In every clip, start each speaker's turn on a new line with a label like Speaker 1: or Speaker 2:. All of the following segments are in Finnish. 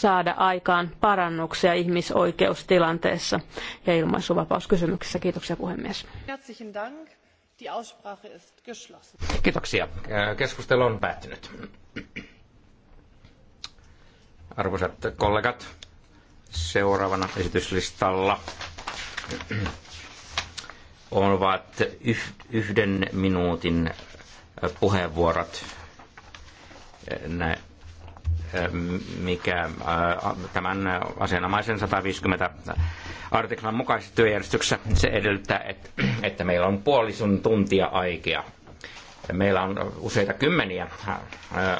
Speaker 1: saada aikaan parannuksia ihmisoikeustilanteessa ja ilmaisuvapauskysymyksissä. Kiitoksia puhemies.
Speaker 2: Kiitoksia. Keskustelu on päättynyt. Arvoisat kollegat, seuraavana esityslistalla ovat yhden minuutin puheenvuorot. Näin mikä äh, tämän asianomaisen 150 artiklan mukaisessa työjärjestyksessä se edellyttää, että meillä on puolisun tuntia aikaa. Meillä on useita kymmeniä äh, äh,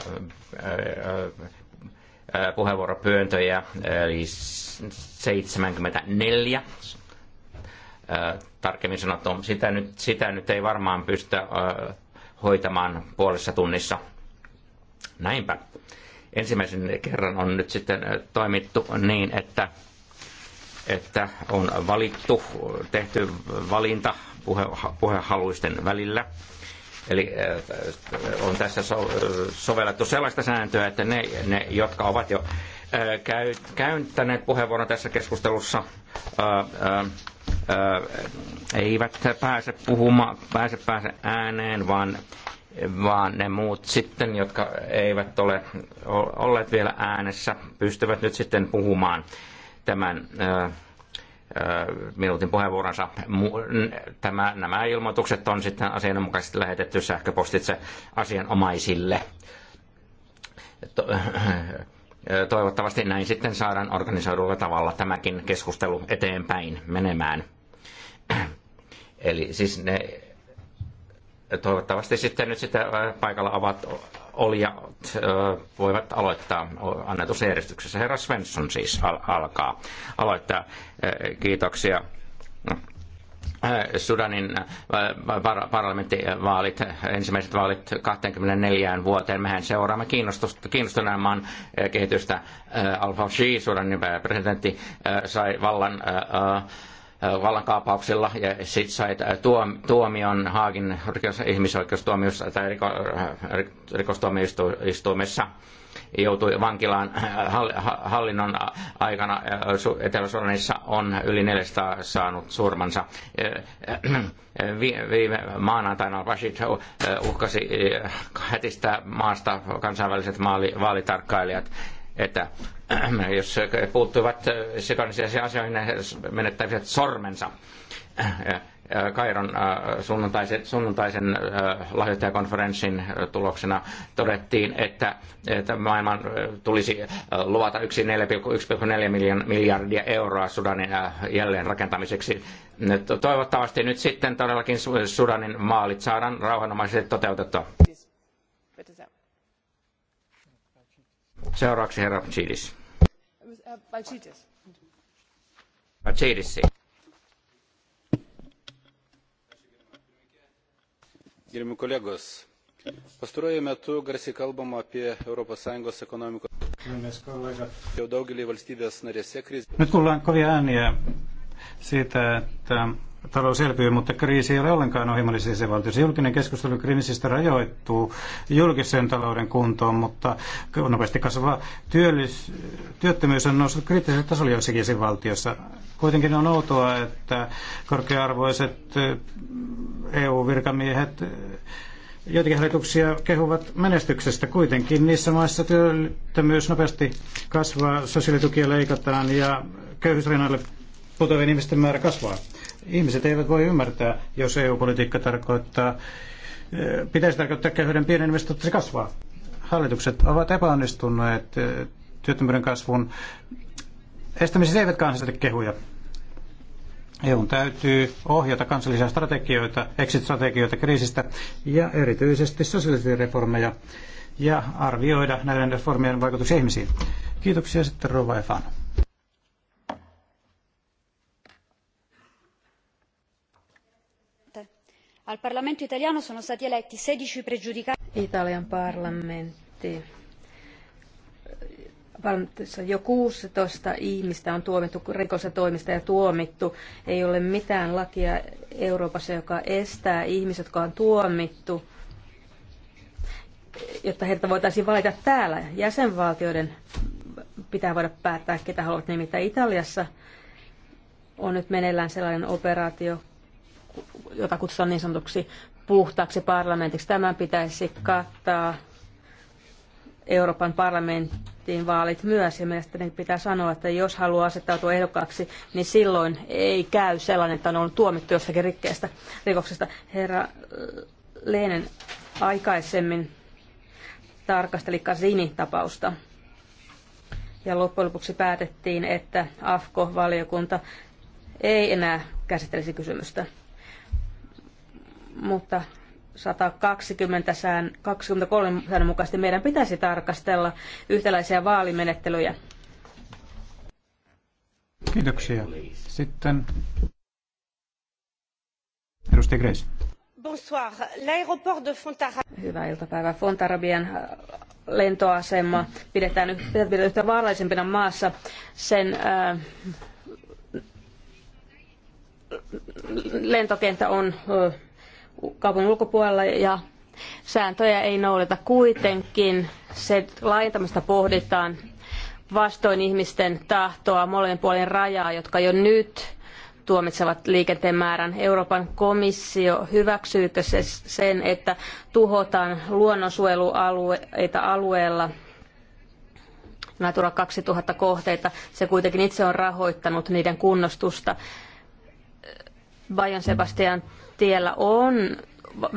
Speaker 2: puheenvuoropyöntöjä, eli 74 tarkemmin sanottuna. Sitä nyt, sitä nyt ei varmaan pystytä hoitamaan puolessa tunnissa. Näinpä ensimmäisen kerran on nyt sitten toimittu niin, että, että on valittu, tehty valinta puhe, puhehaluisten välillä. Eli on tässä so, sovellettu sellaista sääntöä, että ne, ne jotka ovat jo käy, käyttäneet puheenvuoron tässä keskustelussa, ää, ää, ää, eivät pääse puhumaan, pääse, pääse ääneen, vaan vaan ne muut sitten, jotka eivät ole olleet vielä äänessä, pystyvät nyt sitten puhumaan tämän minuutin puheenvuoronsa. Tämä, nämä ilmoitukset on sitten asianmukaisesti lähetetty sähköpostitse asianomaisille. Toivottavasti näin sitten saadaan organisoidulla tavalla tämäkin keskustelu eteenpäin menemään. Eli siis ne toivottavasti sitten nyt sitä paikalla ovat olijat voivat aloittaa annetussa järjestyksessä. Herra Svensson siis alkaa aloittaa. Kiitoksia. Sudanin parlamenttivaalit, ensimmäiset vaalit 24 vuoteen. Mehän seuraamme kiinnostuneen maan kehitystä. Al-Fashi, Sudanin presidentti, sai vallan Äh, vallankaappauksilla ja sitten sai äh, tuomion Haagin ihmisoikeustuomiossa tai äh, rikostuomioistuimessa joutui vankilaan hallinnon aikana. Etelä-Sudanissa on yli 400 saanut surmansa. Viime maanantaina Rashid uhkasi hätistää maasta kansainväliset vaalitarkkailijat että äh, jos puuttuivat äh, sekanisisiin asioihin, ne menettäisivät sormensa. Äh, Kairon sunnuntaisen, sunnuntaisen lahjoittajakonferenssin tuloksena todettiin, että, että maailman tulisi luvata 1,4 miljardia euroa Sudanin jälleen rakentamiseksi. Toivottavasti nyt sitten todellakin Sudanin maalit saadaan rauhanomaisesti toteutettua. Seuraavaksi herra Chidis. Balchidis. Siis.
Speaker 3: Gerbiami kolegos, pastaruoju metu garsiai kalbama apie ES ekonomikos. Jau daugelį valstybės narėse krizė. Nyt kuullaan kovia ääniä siitä, että talous elpyy, mutta kriisi ei ole ollenkaan se jäsenvaltiossa. Julkinen keskustelu kriisistä rajoittuu julkisen talouden kuntoon, mutta nopeasti kasvava työllis- työttömyys on noussut kriittiselle tasolle joissakin jäsenvaltiossa. Kuitenkin on outoa, että korkearvoiset EU-virkamiehet eh, e eh, Joitakin hallituksia kehuvat menestyksestä kuitenkin. Niissä maissa työttömyys nopeasti kasvaa, sosiaalitukia leikataan ja köyhyysrinnalle putoavien ihmisten määrä kasvaa. Ihmiset eivät voi ymmärtää, jos EU-politiikka tarkoittaa, eh, pitäisi tarkoittaa köyhyyden pienenemistä, että se kasvaa. Hallitukset ovat epäonnistuneet eh, työttömyyden kasvun estämisessä eivät ansaita kehuja. EUn täytyy ohjata kansallisia strategioita, exit-strategioita kriisistä ja erityisesti sosiaalisia reformeja ja arvioida näiden reformien vaikutuksia ihmisiin. Kiitoksia sitten Rova Efano.
Speaker 1: Al Parlamento italiano sono stati eletti 16 pregiudicati. Italian parlamentti jo 16 ihmistä on tuomittu rikosta toimista ja tuomittu. Ei ole mitään lakia Euroopassa, joka estää ihmiset, jotka on tuomittu, jotta heiltä voitaisiin valita täällä. Jäsenvaltioiden pitää voida päättää, ketä haluavat nimittää Italiassa. On nyt meneillään sellainen operaatio, jota kutsutaan niin sanotuksi puhtaaksi parlamentiksi. Tämän pitäisi kattaa Euroopan parlamentin vaalit myös, ja mielestäni pitää sanoa, että jos haluaa asettautua ehdokkaaksi, niin silloin ei käy sellainen, että on ollut tuomittu jostakin rikkeestä rikoksesta. Herra Leinen aikaisemmin tarkasteli Kasini-tapausta, ja loppujen lopuksi päätettiin, että AFKO-valiokunta ei enää käsittelisi kysymystä mutta 120 sään, 23 säännön mukaisesti meidän pitäisi tarkastella yhtäläisiä vaalimenettelyjä.
Speaker 3: Kiitoksia. Sitten
Speaker 1: edustaja Grace. Bonsoir. L'aéroport de Fontarabia. Hyvää iltapäivää. Fontarabian äh, lentoasema pidetään yhtä vaarallisempina maassa. Sen äh, lentokenttä on äh, kaupungin ulkopuolella ja sääntöjä ei noudata. Kuitenkin se laajentamista pohditaan vastoin ihmisten tahtoa molemmin puolin rajaa, jotka jo nyt tuomitsevat liikenteen määrän. Euroopan komissio hyväksyykö se sen, että tuhotaan luonnonsuojelualueita alueella Natura 2000 kohteita. Se kuitenkin itse on rahoittanut niiden kunnostusta. Bajan Sebastian tiellä on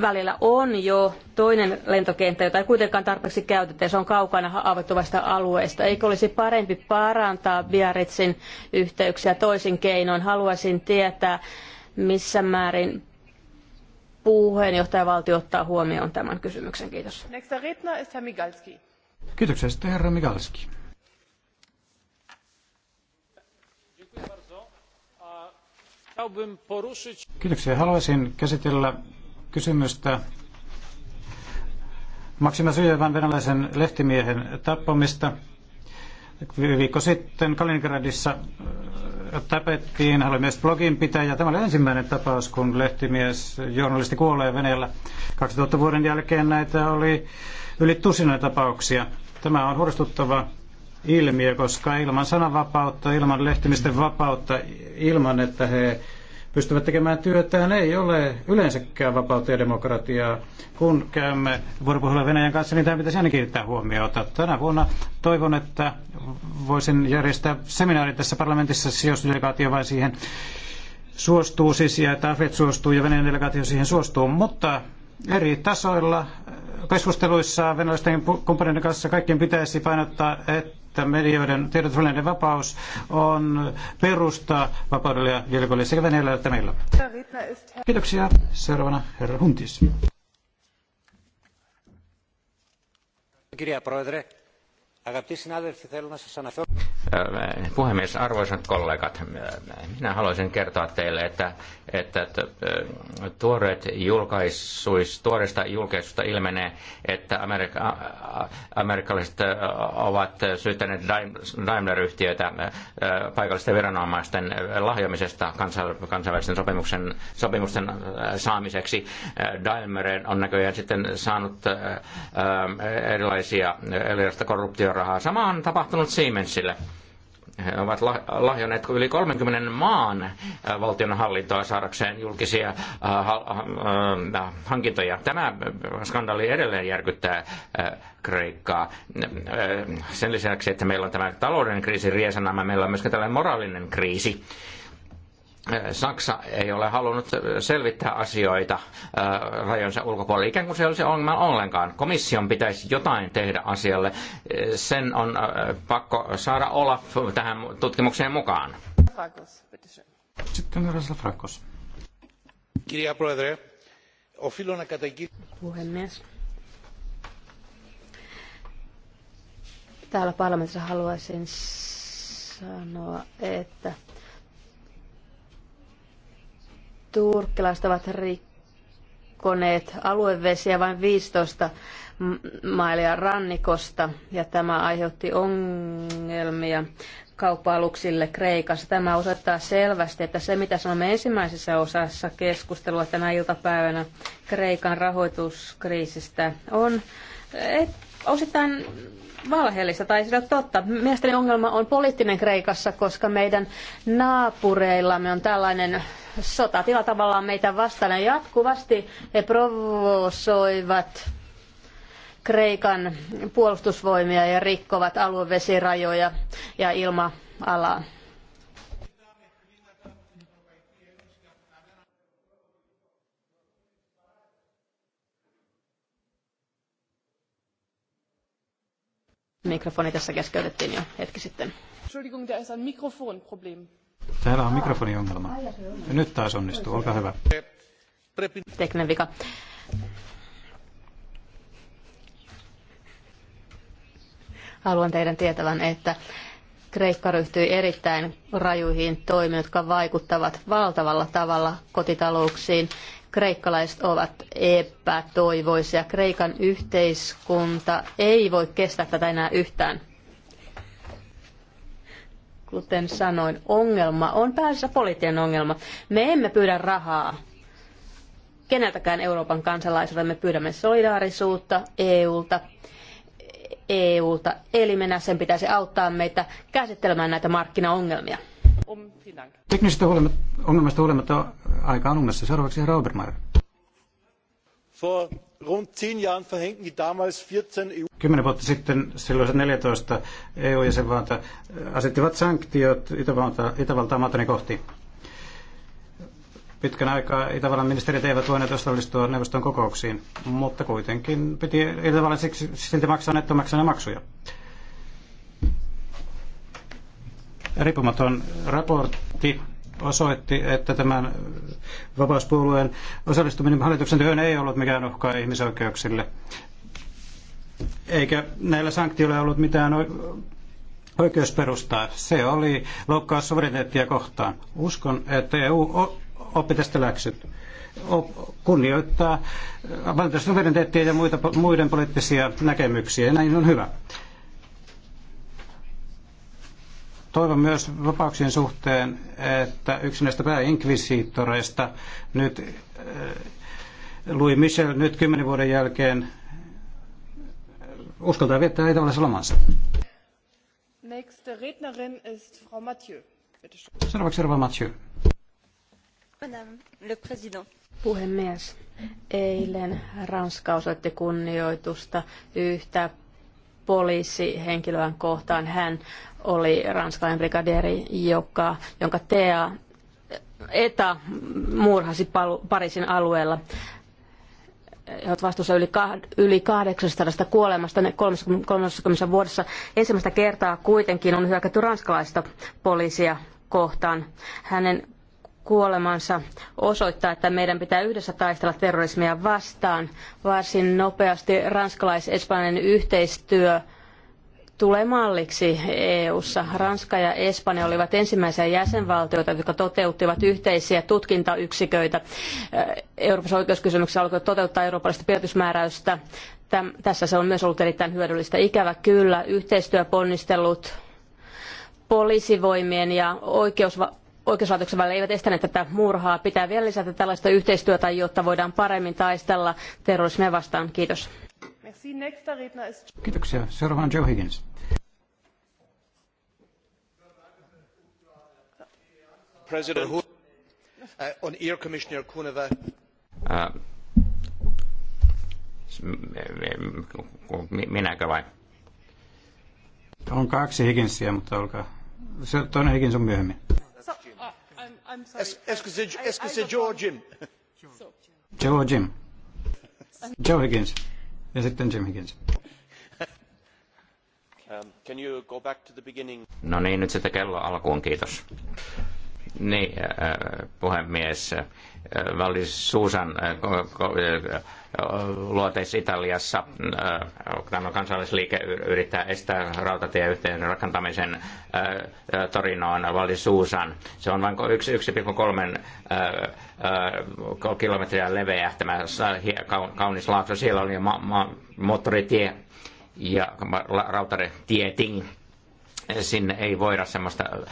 Speaker 1: välillä on jo toinen lentokenttä, jota ei kuitenkaan tarpeeksi käytetä, ja se on kaukana haavoittuvasta alueesta. Eikö olisi parempi parantaa Biarritzin yhteyksiä toisin keinoin? Haluaisin tietää, missä määrin puheenjohtajavaltio ottaa huomioon tämän kysymyksen. Kiitos.
Speaker 3: Kiitoksia sitten herra Migalski. Kiitoksia. Haluaisin käsitellä kysymystä Maksima Syövän venäläisen lehtimiehen tappamista. Viikko sitten Kaliningradissa äh, tapettiin, hän oli myös blogin pitäjä. Tämä oli ensimmäinen tapaus, kun lehtimies, journalisti kuolee veneellä. 2000 vuoden jälkeen näitä oli yli tusina tapauksia. Tämä on huolestuttava ilmiö, koska ilman sananvapautta, ilman lehtimisten vapautta, ilman että he pystyvät tekemään työtään, ei ole yleensäkään vapautta ja demokratiaa. Kun käymme vuoropuhelua Venäjän kanssa, niin tämä pitäisi ainakin kiinnittää huomiota. Tänä vuonna toivon, että voisin järjestää seminaarin tässä parlamentissa, jos delegaatio vai siihen suostuu siis, ja että AFET suostuu ja Venäjän delegaatio siihen suostuu, mutta eri tasoilla keskusteluissa venäläisten kumppaneiden kanssa kaikkien pitäisi painottaa, että että medioiden tiedotusvälineiden vapaus on perusta vapaudelle ja kirkolle sekä Venäjällä että meillä. Kiitoksia. Seuraavana herra Huntis. Κυρία
Speaker 2: Puhemies, arvoisat kollegat, minä haluaisin kertoa teille, että, että tuoreet julkaisuis, tuoreista julkaisusta ilmenee, että Amerika, amerikkalaiset ovat syyttäneet Daimler-yhtiötä paikallisten viranomaisten lahjoamisesta kansainvälisten sopimuksen, sopimusten saamiseksi. Daimler on näköjään sitten saanut erilaisia erilaista korruptiorahaa. Sama on tapahtunut Siemensille he ovat lahjoneet yli 30 maan valtionhallintoa saadakseen julkisia hankintoja. Tämä skandaali edelleen järkyttää Kreikkaa. Sen lisäksi, että meillä on tämä talouden kriisi riesana, meillä on myöskin tällainen moraalinen kriisi. Äh, Saksa ei ole halunnut selvittää asioita äh, rajojensa ulkopuolella, ikään kuin se olisi ongelma ollenkaan. Komission pitäisi jotain tehdä asialle. Äh, sen on pakko saada Olaf tähän tutkimukseen mukaan. Sitten
Speaker 3: Rakos. Kirja Proedre, ofilona
Speaker 1: Puhemies. Täällä parlamentissa haluaisin sanoa, että turkkilaiset ovat rikkoneet aluevesiä vain 15 mailia rannikosta ja tämä aiheutti ongelmia kauppa-aluksille Kreikassa. Tämä osoittaa selvästi, että se mitä sanomme ensimmäisessä osassa keskustelua tänä iltapäivänä Kreikan rahoituskriisistä on osittain valheellista tai sitä totta. Mielestäni ongelma on poliittinen Kreikassa, koska meidän naapureillamme on tällainen sotatila tavallaan meitä vastaan ja jatkuvasti he provosoivat Kreikan puolustusvoimia ja rikkovat aluevesirajoja ja ilma-alaa. Mikrofoni tässä keskeytettiin jo hetki sitten.
Speaker 3: Entschuldigung, da ist ein Mikrofonproblem. Täällä on mikrofoniongelma. Nyt taas onnistuu, olkaa hyvä.
Speaker 1: Tekninen vika. Haluan teidän tietävän, että Kreikka ryhtyi erittäin rajuihin toimiin, jotka vaikuttavat valtavalla tavalla kotitalouksiin. Kreikkalaiset ovat epätoivoisia. Kreikan yhteiskunta ei voi kestää tätä enää yhtään kuten sanoin, ongelma on päässä poliittinen ongelma. Me emme pyydä rahaa keneltäkään Euroopan kansalaiselta. Me pyydämme solidaarisuutta EUlta. EUlta mennä sen pitäisi auttaa meitä käsittelemään näitä markkinaongelmia.
Speaker 3: Teknisistä ongelmista huolimatta aika on unessa. Seuraavaksi herra Obermeier. For rund zehn Jahren verhängten die damals 14 EU. Kymmenen vuotta sitten silloiset 14 EU-jäsenvalta äh, asettivat sanktiot Itävalta, Itävaltaa Matonin kohti. Pitkän aikaa Itävallan ministerit eivät voineet osallistua neuvoston kokouksiin, mutta kuitenkin piti Itävallan silti maksaa nettomaksana maksuja. Riippumaton raportti osoitti, että tämän vapauspuolueen osallistuminen hallituksen työhön ei ollut mikään uhkaa ihmisoikeuksille. Eikä näillä sanktioilla ollut mitään oikeusperustaa. Se oli loukkaus suvereniteettia kohtaan. Uskon, että EU oppi tästä läksyt kunnioittaa valtiosuvereniteettia ja muita, muiden poliittisia näkemyksiä. Ja näin on hyvä. Toivon myös vapauksien suhteen, että yksi näistä pääinkvisiittoreista nyt eh, Louis Michel nyt kymmenen vuoden jälkeen eh, uskaltaa viettää itävallassa lomansa. Nächste Rednerin Frau Mathieu. Seuraavaksi Rova Mathieu. Madame le Président.
Speaker 1: Puhemies, eilen Ranska osoitti kunnioitusta yhtä poliisihenkilöön kohtaan. Hän oli ranskalainen brigadieri, joka, jonka TEA ETA murhasi Pariisin alueella. He ovat vastuussa yli, kah, yli 800 kuolemasta 30, 30 vuodessa. Ensimmäistä kertaa kuitenkin on hyökätty ranskalaista poliisia kohtaan. Hänen kuolemansa osoittaa, että meidän pitää yhdessä taistella terrorismia vastaan. Varsin nopeasti ranskalais-espanjan yhteistyö tulee malliksi EU:ssa. Ranska ja Espanja olivat ensimmäisiä jäsenvaltioita, jotka toteuttivat yhteisiä tutkintayksiköitä. Euroopan oikeuskysymyksessä alkoi toteuttaa eurooppalaista pidätysmääräystä. tässä se on myös ollut erittäin hyödyllistä. Ikävä kyllä, yhteistyöponnistelut poliisivoimien ja oikeusva- oikeuslaitoksen välillä eivät estäneet tätä murhaa. Pitää vielä lisätä tällaista yhteistyötä, jotta voidaan paremmin taistella terrorismia vastaan. Kiitos.
Speaker 3: Kiitoksia. Seuraavana Joe Higgins. President, uh, on ear Commissioner Kuneva.
Speaker 2: Uh, minäkö vai? On kaksi Higginsia,
Speaker 3: mutta olkaa. Se toinen Higgins on myöhemmin. Uh, Etkö
Speaker 2: se Joe Jim?
Speaker 3: Joe Jim. Joe Higgins. Ja sitten Jim Higgins.
Speaker 2: Um, can you go back to the beginning? No niin, nyt sitten kello alkuun, kiitos. Niin, äh, äh, puhemies. Äh, Vallis Suusan luoteis Italiassa tämä kansallisliike yrittää estää rautatieyhteyden rakentamisen Torinoon Vallis Suusan. Se on vain 1,3 kilometriä leveä tämä kaunis laakso. Siellä oli ma- ma- moottoritie ja rautatie sinne ei voida semmoista äh,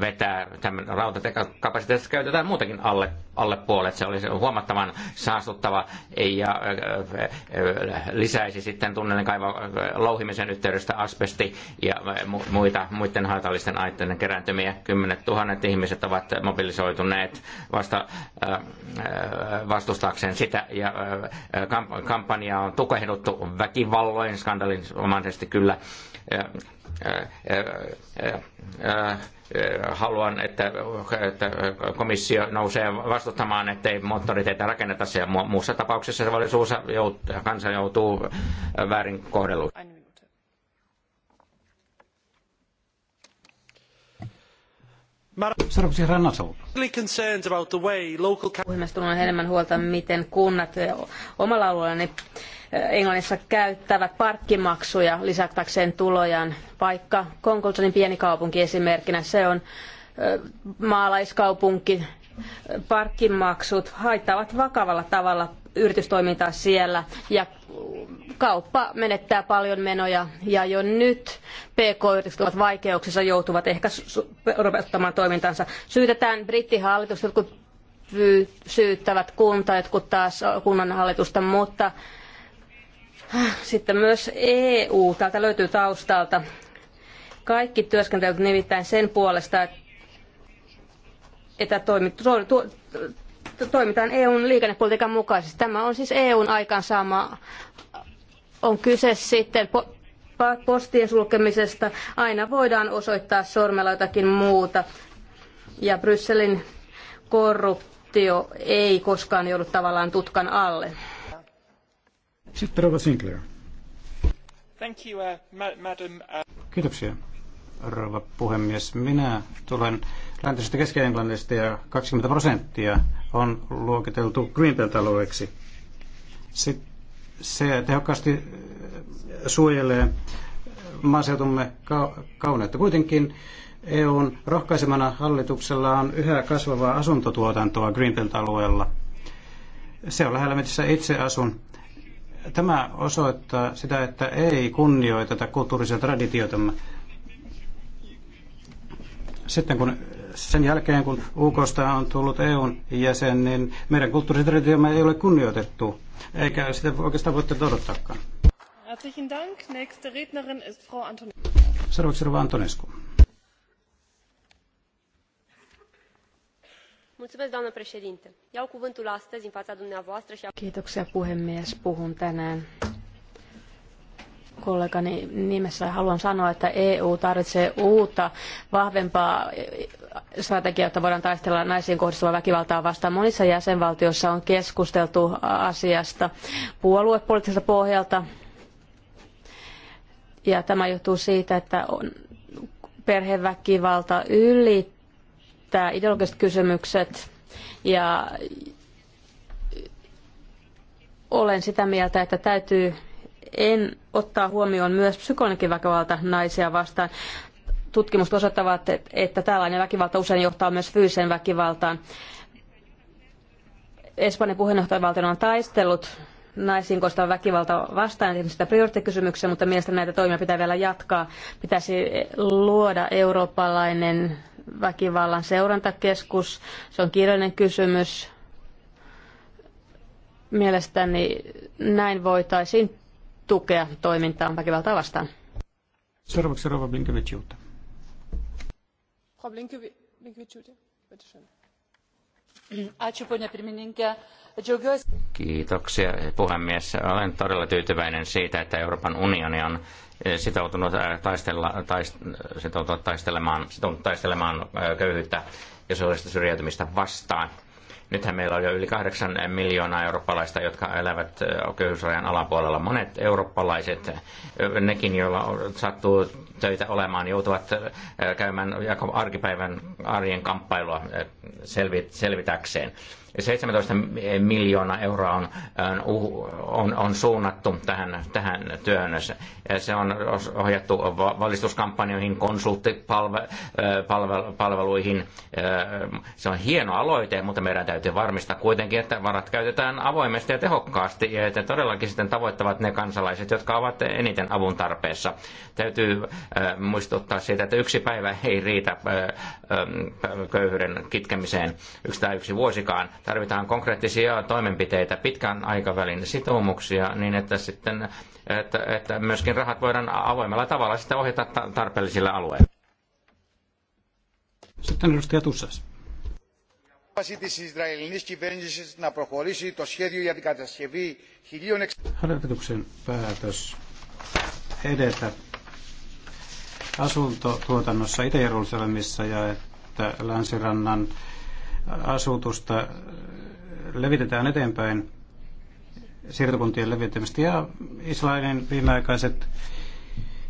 Speaker 2: vetää. Tämän rautakapasiteetista käytetään muutenkin alle, alle puolet. Se olisi huomattavan saastuttava ja äh, äh, lisäisi sitten tunnelin kaiva louhimisen yhteydestä asbesti ja muita, muiden haitallisten aitteiden kerääntymiä. Kymmenet tuhannet ihmiset ovat mobilisoituneet vasta vastustaakseen sitä ja kampanjaa on tukehduttu väkivalloin skandalinomaisesti kyllä haluan, että, komissio nousee vastustamaan, ettei moottoriteitä rakenneta siellä. Muussa tapauksessa valitsuus kansa joutuu väärin kohdelluksi.
Speaker 3: Seuraavaksi Ranna
Speaker 1: enemmän huolta, miten kunnat eh, omalla alueellani eh, Englannissa käyttävät parkkimaksuja lisätäkseen tulojaan. Vaikka Konkoltonin pieni kaupunki esimerkkinä, se on eh, maalaiskaupunki, parkkimaksut haittavat vakavalla tavalla yritystoimintaa siellä ja kauppa menettää paljon menoja ja jo nyt PK-yritykset ovat vaikeuksissa, joutuvat ehkä lopettamaan toimintansa. Syytetään brittihallitusta, jotkut syyttävät kunta, jotkut taas kunnanhallitusta, mutta äh, sitten myös EU, täältä löytyy taustalta. Kaikki työskentelevät nimittäin sen puolesta, että toimittu, toimitaan EUn liikennepolitiikan mukaisesti. Tämä on siis EUn aikaansaama, on kyse sitten postien sulkemisesta. Aina voidaan osoittaa sormella jotakin muuta. Ja Brysselin korruptio ei koskaan joudu tavallaan tutkan alle.
Speaker 3: Sitten Rova Sinclair.
Speaker 2: Thank you, uh,
Speaker 3: madam. Uh- Kiitoksia, rouva puhemies. Minä tulen läntisestä Keski-Englannista ja 20 prosenttia on luokiteltu greenbelt alueeksi Se tehokkaasti eh, suojelee maaseutumme kauneutta. Kuitenkin EUn rohkaisemana hallituksella on yhä kasvavaa asuntotuotantoa Greenbelt-alueella. Se on lähellä, missä itse asun. Tämä osoittaa sitä, että ei kunnioiteta kulttuurisia traditioitamme. Sitten kun sen jälkeen, kun UKsta on tullut EUn jäsen, niin meidän kulttuuritraditiomme ei ole kunnioitettu, eikä sitä oikeastaan voitte odottaakaan. Herzlichen Dank. Nächste Rednerin ist Frau Antonescu. Seuraavaksi Rova
Speaker 1: Antonescu. Kiitoksia puhemies. Puhun tänään kollegani nimessä haluan sanoa, että EU tarvitsee uutta, vahvempaa strategiaa, jotta voidaan taistella naisiin kohdistuvaa väkivaltaa vastaan. Monissa jäsenvaltioissa on keskusteltu asiasta puoluepoliittiselta pohjalta. Ja tämä johtuu siitä, että on perheväkivalta ylittää ideologiset kysymykset ja olen sitä mieltä, että täytyy en ottaa huomioon myös psykologinen väkivalta naisia vastaan. Tutkimukset osoittavat, että tällainen väkivalta usein johtaa myös fyysiseen väkivaltaan. Espanjan puheenjohtajavaltio on taistellut naisiin kohdistuvan väkivalta vastaan, esimerkiksi sitä prioriteettikysymyksiä, mutta mielestäni näitä toimia pitää vielä jatkaa. Pitäisi luoda eurooppalainen väkivallan seurantakeskus. Se on kirjallinen kysymys. Mielestäni näin voitaisiin tukea toimintaa väkivaltaa vastaan.
Speaker 3: Seuraavaksi Rova Blinkevichiuta.
Speaker 2: Kiitoksia puhemies. Olen todella tyytyväinen siitä, että Euroopan unioni on eh, sitoutunut, eh, taistella, taist, sitoutunut taistelemaan, sitoutunut taistelemaan eh, köyhyyttä ja sosiaalista syrjäytymistä vastaan – Nythän meillä on jo yli kahdeksan miljoonaa eurooppalaista, jotka elävät köyhyysrajan alapuolella. Monet eurooppalaiset, nekin joilla sattuu töitä olemaan, joutuvat käymään arkipäivän arjen kamppailua selvitäkseen. 17 miljoonaa euroa on, on, on suunnattu tähän, tähän työhön. Se on ohjattu valistuskampanjoihin, konsulttipalveluihin. Se on hieno aloite, mutta meidän täytyy varmistaa kuitenkin, että varat käytetään avoimesti ja tehokkaasti ja että todellakin sitten tavoittavat ne kansalaiset, jotka ovat eniten avun tarpeessa. Täytyy muistuttaa siitä, että yksi päivä ei riitä köyhyyden kitkemiseen, yksi tai yksi vuosikaan Tarvitaan konkreettisia toimenpiteitä, pitkän aikavälin sitoumuksia, niin että sitten että, että myöskin rahat voidaan avoimella tavalla sitä ohjata tarpeellisille alueille.
Speaker 3: Sitten edustaja Tussas. Harjoituksen päätös edetä asuntotuotannossa Itä-Jerusalemissa ja että länsirannan asutusta levitetään eteenpäin siirtokuntien levittämistä ja Israelin viimeaikaiset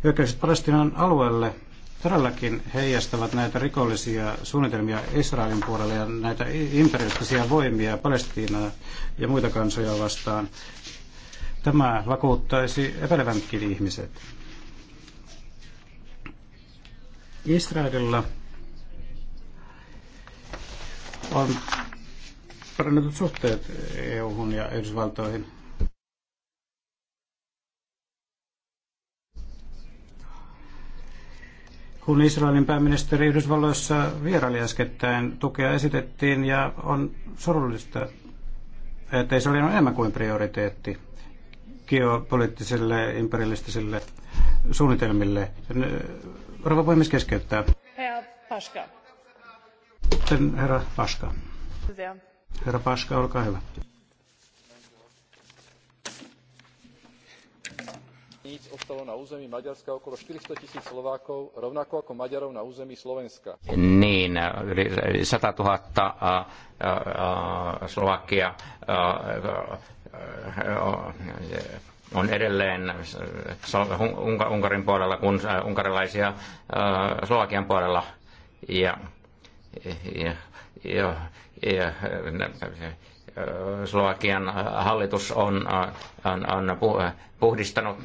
Speaker 3: hyökkäykset Palestinan alueelle todellakin heijastavat näitä rikollisia suunnitelmia Israelin puolella ja näitä imperialistisia voimia Palestiinaa ja muita kansoja vastaan. Tämä vakuuttaisi epäilevänkin ihmiset. Israelilla on parannetut suhteet EU-hun ja Yhdysvaltoihin. Kun Israelin pääministeri Yhdysvalloissa vieraili äskettäin, tukea esitettiin ja on surullista, että se on enemmän kuin prioriteetti geopoliittisille imperialistisille suunnitelmille. Rova puhemies keskeyttää.
Speaker 1: Herr Paska.
Speaker 3: Sitten herra Paska. Herra Paska, olkaa hyvä.
Speaker 2: Niin, yli 100 000 äh, äh, Slovakia äh, on edelleen Unkarin puolella kuin unkarilaisia Slovakian puolella. Ja ja, ja, ja, Slovakian hallitus on, on, on puhdistanut,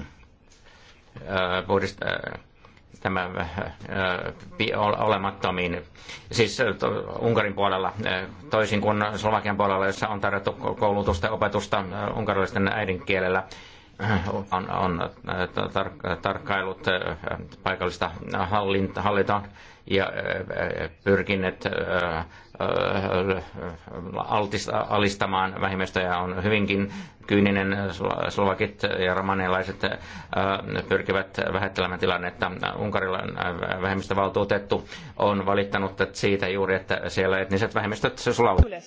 Speaker 2: äh, äh, tämä äh, olemattomiin, siis Unkarin puolella, toisin kuin Slovakian puolella, jossa on tarjottu koulutusta ja opetusta unkarilaisten äidinkielellä on, on tarkkailut äh, paikallista hallinta, ja äh, pyrkineet äh, alistamaan vähimmäistöjä on hyvinkin kyyninen. Slovakit ja romanialaiset pyrkivät vähättelemään tilannetta. Unkarilan vähemmistövaltuutettu on valittanut siitä juuri, että siellä etniset vähemmistöt sulautuvat.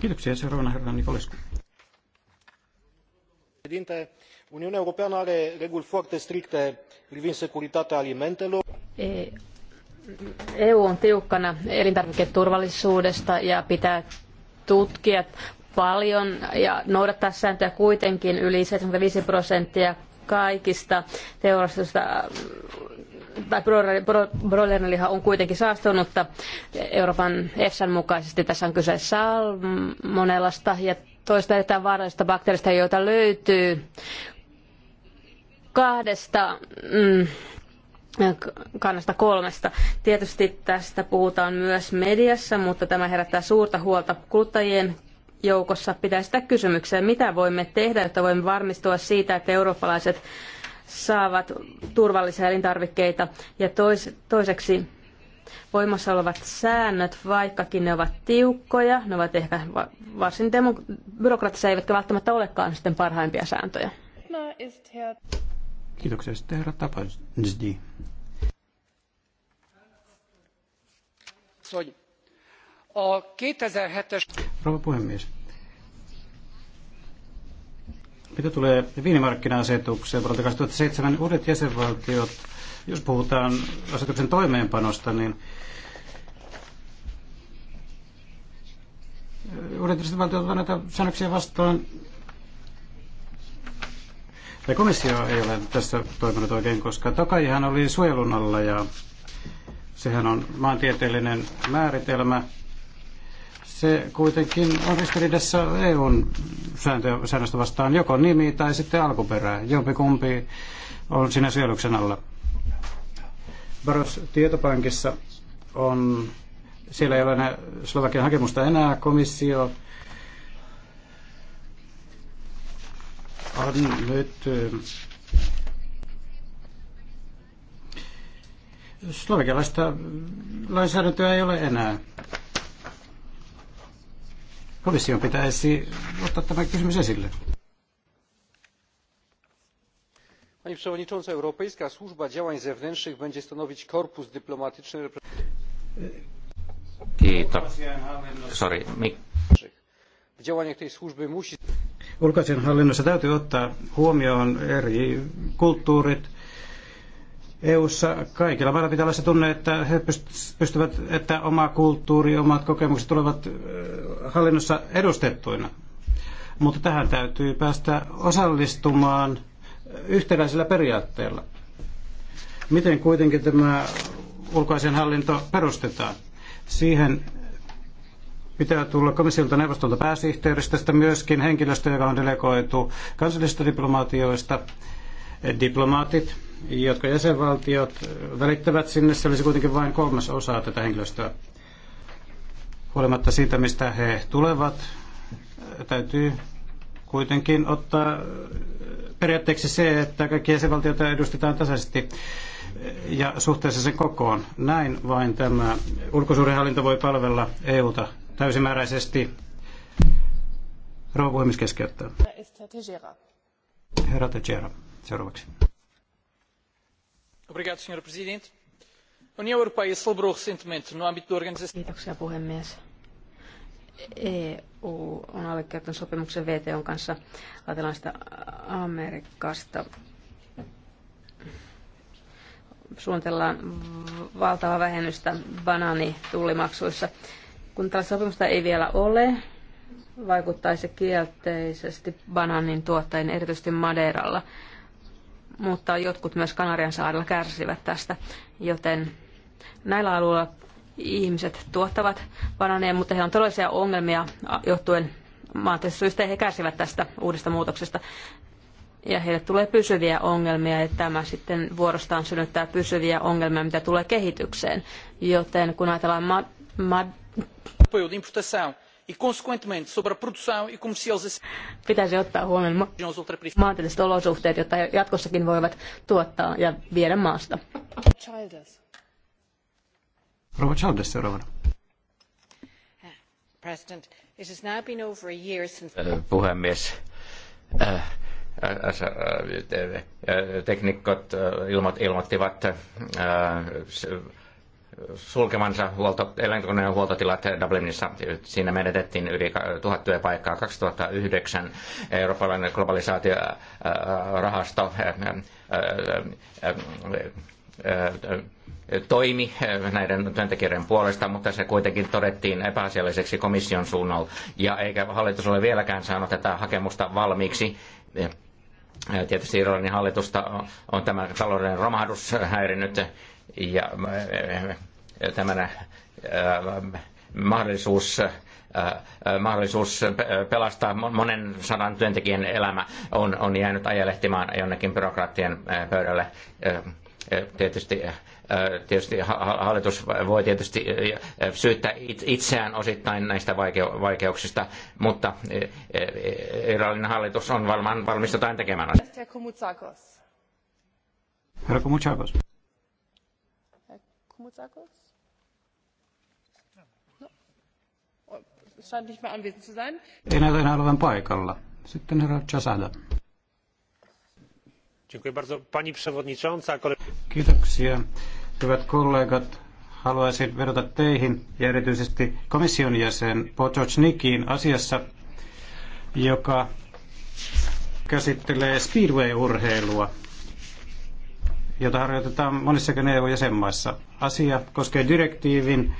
Speaker 3: Kiitoksia. Seuraavana herra Nikolescu uniunea europeană are reguli foarte stricte privind securitatea alimentelor.
Speaker 1: E, eu on tiukkana elintarviketurvallisuudesta ja pitää tutkia paljon ja noudattaa sääntöjä kuitenkin yli 75 prosenttia kaikista teurastusta tai broileriliha on kuitenkin saastunutta Euroopan EFSAn mukaisesti. Tässä on kyse salmonellasta ja toista erittäin vaarallisista bakteereista, joita löytyy kahdesta mm, kannasta kolmesta. Tietysti tästä puhutaan myös mediassa, mutta tämä herättää suurta huolta kuluttajien joukossa. Pitää sitä kysymykseen, mitä voimme tehdä, jotta voimme varmistua siitä, että eurooppalaiset saavat turvallisia elintarvikkeita. Ja tois, toiseksi voimassa olevat säännöt, vaikkakin ne ovat tiukkoja, ne ovat ehkä varsin demok- byrokratisia, eivätkä välttämättä olekaan sitten parhaimpia sääntöjä.
Speaker 3: Kiitoksia sitten herra Tapasdi. Rouva puhemies, mitä tulee viinimarkkina-asetukseen vuodelta 2007, uudet jäsenvaltiot, jos puhutaan asetuksen toimeenpanosta, niin uudet jäsenvaltiot ovat näitä säännöksiä vastaan. Ja komissio ei ole tässä toiminut oikein, koska Tokaihan oli suojelun alla ja sehän on maantieteellinen määritelmä se kuitenkin on ristiriidassa EUn säännöstä vastaan, joko nimi tai sitten alkuperää. Jompikumpi on siinä syölyksen alla. Baros tietopankissa on, siellä ei ole enää Slovakian hakemusta enää, komissio on nyt Slovakialaista lainsäädäntöä ei ole enää. Komission pitäisi ottaa tämä kysymys esille. Pani Przewodnicząca, Europejska Służba Działań Zewnętrznych będzie stanowić korpus dyplomatyczny
Speaker 2: Kiitos. Sorry.
Speaker 3: Mik- w działaniach tej służby musi... Ulkoisen hallinnossa täytyy ottaa huomioon eri kulttuurit, EU:ssa kaikilla mailla pitää olla se tunne, että he pystyvät, että oma kulttuuri, omat kokemukset tulevat hallinnossa edustettuina. Mutta tähän täytyy päästä osallistumaan yhtenäisellä periaatteella. Miten kuitenkin tämä ulkoisen hallinto perustetaan? Siihen pitää tulla komissiolta neuvostolta pääsihteeristä, sitä myöskin henkilöstö, joka on delegoitu kansallisista diplomaatioista, diplomaatit, jotka jäsenvaltiot välittävät sinne, se olisi kuitenkin vain kolmas osa tätä henkilöstöä. Huolimatta siitä, mistä he tulevat, täytyy kuitenkin ottaa periaatteeksi se, että kaikki jäsenvaltioita edustetaan tasaisesti ja suhteessa sen kokoon. Näin vain tämä ulkosuudenhallinto voi palvella EUta täysimääräisesti. Rouva puhemies keskeyttää. Herra Tejera, seuraavaksi.
Speaker 2: Sr. President.
Speaker 1: União Europeia celebrou recentemente no âmbito da organização... EU e on allekirjoittanut sopimuksen VTOn kanssa latinalaisesta Amerikasta. Suunnitellaan valtavaa vähennystä banaanitullimaksuissa. Kun tällaista sopimusta ei vielä ole, vaikuttaisi kielteisesti banaanin tuottajien, erityisesti Madeiralla mutta jotkut myös Kanarian saarella kärsivät tästä, joten näillä alueilla ihmiset tuottavat bananeja, mutta heillä on todellisia ongelmia johtuen maantieteellisistä syistä ja he kärsivät tästä uudesta muutoksesta. Ja heille tulee pysyviä ongelmia ja tämä sitten vuorostaan synnyttää pysyviä ongelmia, mitä tulee kehitykseen. Joten kun ajatellaan ma- ma- e, consequentemente, sobre a produção e comercialização. Pitäisi ottaa huomioon ma- maantieteelliset olosuhteet, jotta jatkossakin voivat tuottaa ja viedä maasta. Childers.
Speaker 2: Rova Childers seuraavana. President,
Speaker 1: it has now been over a year since...
Speaker 2: Puhemies, teknikot ilmoittivat sulkemansa huolto, eläinkoneen huoltotilat Dublinissa. Siinä menetettiin yli tuhat työpaikkaa. 2009 eurooppalainen globalisaatiorahasto eh, eh, eh, toimi näiden työntekijöiden puolesta, mutta se kuitenkin todettiin epäasialliseksi komission suunnalla, ja eikä hallitus ole vieläkään saanut tätä hakemusta valmiiksi. Tietysti Irlannin hallitusta on tämä talouden romahdus häirinnyt ja äh, tämän äh, mahdollisuus äh, mahdollisuus pelastaa monen sadan työntekijän elämä on, on jäänyt ajelehtimaan jonnekin byrokraattien pöydälle. Tietysti, tietysti hallitus voi tietysti syyttää itseään osittain näistä vaikeuksista, mutta irallinen hallitus on varmaan valmis jotain tekemään.
Speaker 3: Herra Komutsakos.
Speaker 1: Kommissarkos? No. Oh,
Speaker 3: scheint nicht mehr anwesend zu sein. Ei näytä enää olevan paikalla. Sitten herra Chasada. Dziękuję bardzo. Pani przewodnicząca, Kiitoksia. Hyvät kollegat, haluaisin vedota teihin ja erityisesti komission jäsen Potocnikiin asiassa, joka käsittelee speedway-urheilua jota harjoitetaan monissakin EU-jäsenmaissa. Asia koskee direktiivin,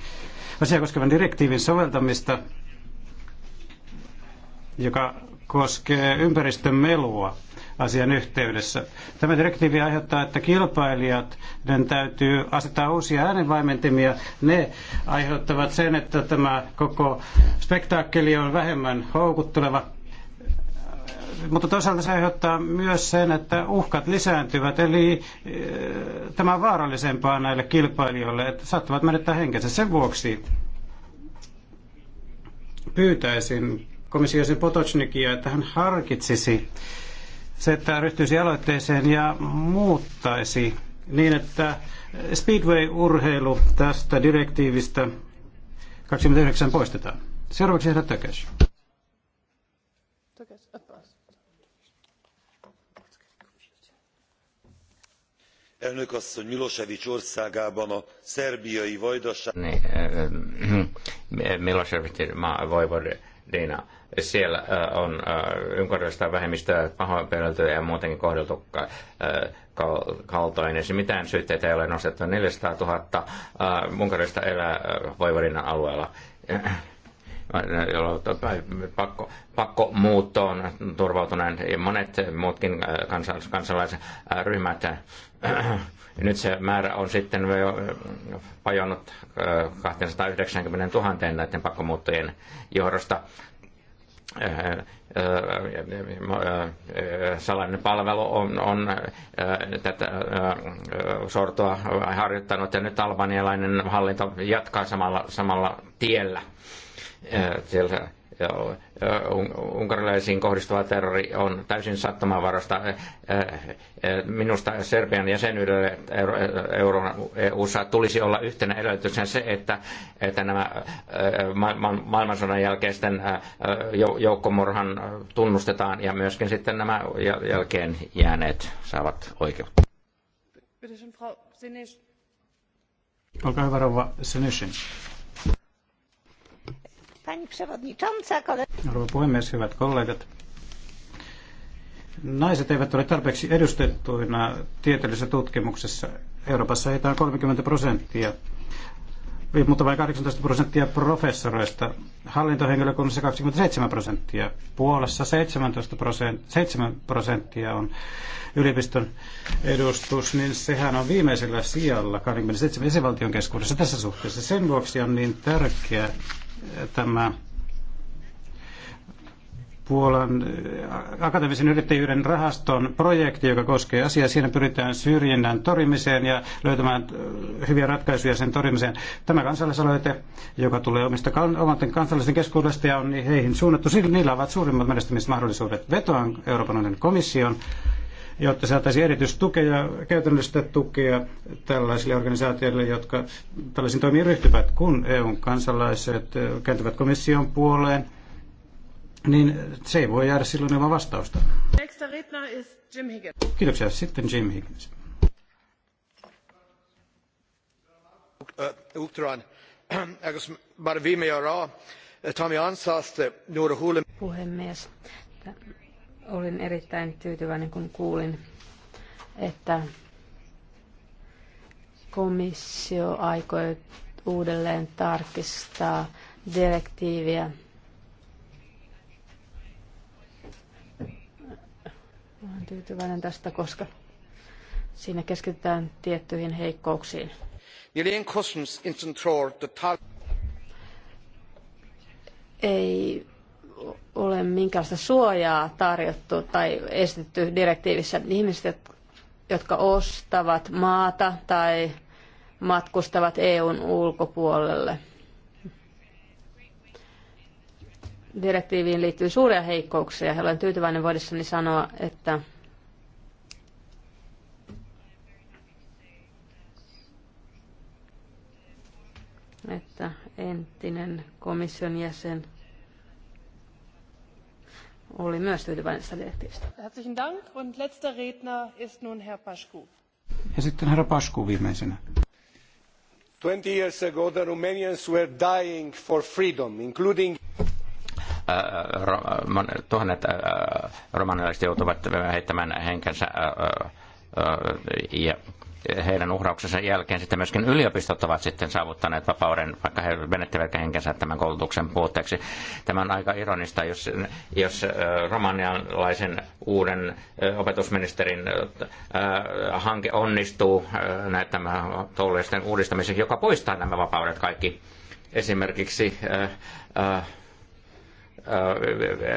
Speaker 3: asia koskevan direktiivin soveltamista, joka koskee ympäristön melua asian yhteydessä. Tämä direktiivi aiheuttaa, että kilpailijat täytyy asettaa uusia äänenvaimentimia. Ne aiheuttavat sen, että tämä koko spektaakkeli on vähemmän houkutteleva mutta toisaalta se aiheuttaa myös sen, että uhkat lisääntyvät, eli eh, tämä on vaarallisempaa näille kilpailijoille, että saattavat menettää henkensä. Sen vuoksi pyytäisin komissiosi Potocnikia, että hän harkitsisi se, että ryhtyisi aloitteeseen ja muuttaisi niin, että Speedway-urheilu tästä direktiivistä 29 poistetaan. Seuraavaksi herra Tökes. elnök asszony milosevic országában a szerbiai vajdaság.
Speaker 2: milosevic vojvodina siellä on ympäristöä vähemmistöä pahoinpidelty ja muutenkin kohdeltu kaltoin. Esimerkiksi mitään syytteitä ei ole nostettu. 400 000 Unkarista elää Voivodinan alueella pakko, pakko muuttoon turvautuneen ja monet muutkin kansalais, kansalaisryhmät nyt se määrä on sitten jo pajonnut 290 000 näiden pakkomuuttojen johdosta. Salainen palvelu on, on tätä sortoa harjoittanut ja nyt albanialainen hallinto jatkaa samalla, samalla tiellä. Siellä unkarilaisiin kohdistuva terrori on täysin sattumanvarasta. Minusta Serbian jäsenyydelle EU-ssa e tulisi olla yhtenä edellytyksenä se, että, että nämä maailmansodan jälkeisten joukkomurhan tunnustetaan ja myöskin sitten nämä jälkeen jääneet saavat oikeutta.
Speaker 3: Olkaa hyvä rouva Senishin.
Speaker 1: Pani przewodnicząca,
Speaker 3: puhemies, hyvät kollegat. Naiset eivät ole tarpeeksi edustettuina tieteellisessä tutkimuksessa. Euroopassa heitä on 30 prosenttia, eh, mutta vain 18 prosenttia professoreista. Hallintohenkilökunnassa 27 prosenttia. Puolassa 17 prosenttia, 7 prosenttia on yliopiston edustus, niin sehän on viimeisellä sijalla 27 jäsenvaltion keskuudessa tässä suhteessa. Sen vuoksi on niin tärkeää, tämä Puolan akateemisen yrittäjyyden rahaston projekti, joka koskee asiaa. Siinä pyritään syrjinnän torimiseen ja löytämään hyviä ratkaisuja sen torimiseen. Tämä kansallisaloite, joka tulee omista omaten kansallisten keskuudesta ja on heihin suunnattu, niillä ovat suurimmat menestymismahdollisuudet. Vetoan Euroopan unionin komission jotta saataisiin erityistukea, käytännöllistä tukea tällaisille organisaatioille, jotka tällaisiin toimiin ryhtyvät, kun EUn kansalaiset kääntyvät komission puoleen, niin se ei voi jäädä silloin ilman vastausta. Kiitoksia. Sitten Jim Higgins. Äh, äh,
Speaker 1: puhemies Olin erittäin tyytyväinen, kun kuulin, että komissio aikoi uudelleen tarkistaa direktiiviä Olen tyytyväinen tästä, koska siinä keskitytään tiettyihin heikkouksiin. Ei ole minkäänlaista suojaa tarjottu tai esitetty direktiivissä. Ihmiset, jotka ostavat maata tai matkustavat EUn ulkopuolelle. Direktiiviin liittyy suuria heikkouksia. Olen tyytyväinen voidessani sanoa, että että entinen komission jäsen – oli myös tyytyväinen tästä
Speaker 3: Herzlichen Dank und
Speaker 1: letzter Redner ist nun Herr Pascu.
Speaker 3: Ja sitten herra Pascu viimeisenä. 20 years ago the Romanians were dying for freedom, including
Speaker 2: tuhannet romanialaiset joutuvat heittämään henkensä ja heidän uhrauksensa jälkeen sitten myöskin yliopistot ovat sitten saavuttaneet vapauden, vaikka he menettävätkä henkensä tämän koulutuksen puutteeksi. Tämä on aika ironista, jos, jos romanialaisen uuden opetusministerin hanke onnistuu näiden koulujen uudistamiseksi, joka poistaa nämä vapaudet kaikki. Esimerkiksi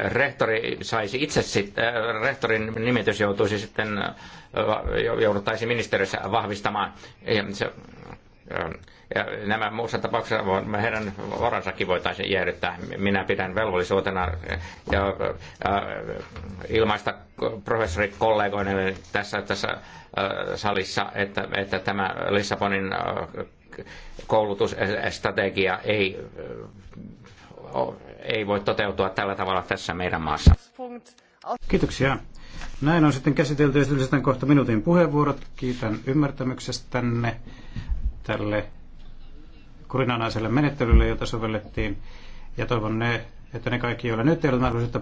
Speaker 2: rehtori saisi itse sit, rehtorin nimitys joutuisi sitten Äh, jouduttaisiin ministeriössä vahvistamaan. Ja se, ähm, ja nämä muussa tapauksessa heidän varansakin voitaisiin jäädyttää. Minä pidän velvollisuutena äh, ja, äh, ilmaista professorikollegoille tässä, tässä salissa, että, että tämä Lissabonin koulutusstrategia ei, ei voi toteutua tällä tavalla tässä meidän maassa.
Speaker 3: Kiitoksia. Näin on sitten käsitelty ja kohta minuutin puheenvuorot. Kiitän ymmärtämyksestänne tälle kurinanaiselle menettelylle, jota sovellettiin. Ja toivon ne, että ne kaikki, joilla nyt ei ole mahdollisuutta